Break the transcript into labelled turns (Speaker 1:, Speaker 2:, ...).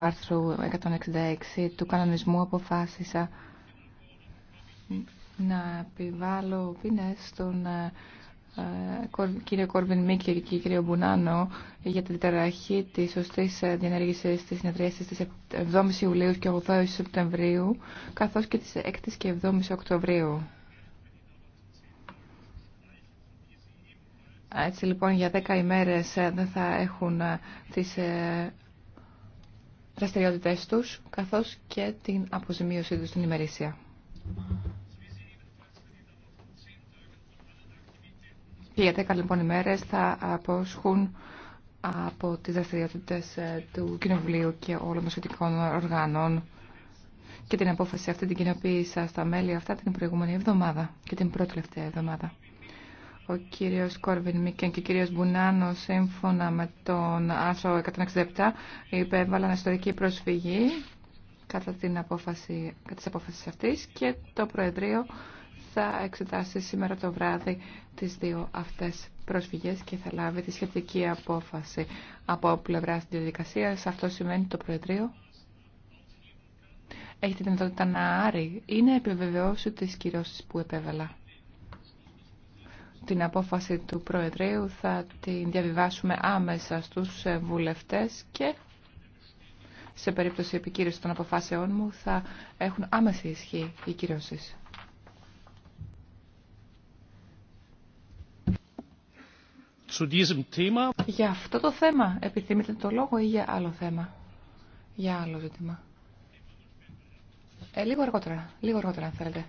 Speaker 1: άρθρου 166 του κανονισμού αποφάσισα να επιβάλλω ποινές στον ε, ε, κύριο Κόρβιν Μίκη και κύριο Μπουνάνο για την τεραχή τη σωστή ε, διενέργηση τη συνεδρίαση τη 7η Ιουλίου και 8η Σεπτεμβρίου, καθώ και τη 6η και 7η Οκτωβρίου. Έτσι λοιπόν για 10 ημέρες δεν θα έχουν τις δραστηριότητέ του καθώ και την αποζημίωσή του στην ημερήσια. Και για 10 λοιπόν ημέρε θα αποσχούν από τι δραστηριότητε ε, του Κοινοβουλίου και όλων των σχετικών οργάνων και την απόφαση αυτή την κοινοποίησα στα μέλη αυτά την προηγούμενη εβδομάδα και την πρώτη τελευταία εβδομάδα ο κύριος Κόρβιν Μίκεν και ο κύριος Μπουνάνο σύμφωνα με τον άρθρο 167 υπέβαλαν ιστορική προσφυγή κατά, την απόφαση, κατά τις απόφασεις αυτής και το Προεδρείο θα εξετάσει σήμερα το βράδυ τις δύο αυτές προσφυγές και θα λάβει τη σχετική απόφαση από πλευρά της διαδικασία. Αυτό σημαίνει το Προεδρείο. Έχετε την δυνατότητα να άρει ή επιβεβαιώσει τις κυρώσεις που επέβαλα την απόφαση του Προεδρείου θα την διαβιβάσουμε άμεσα στους βουλευτές και σε περίπτωση επικύρωσης των αποφάσεών μου θα έχουν άμεση ισχύ οι κυρώσεις. Για αυτό το θέμα επιθυμείτε το λόγο ή για άλλο θέμα, για άλλο ζήτημα. Ε, λίγο αργότερα, λίγο αργότερα αν θέλετε.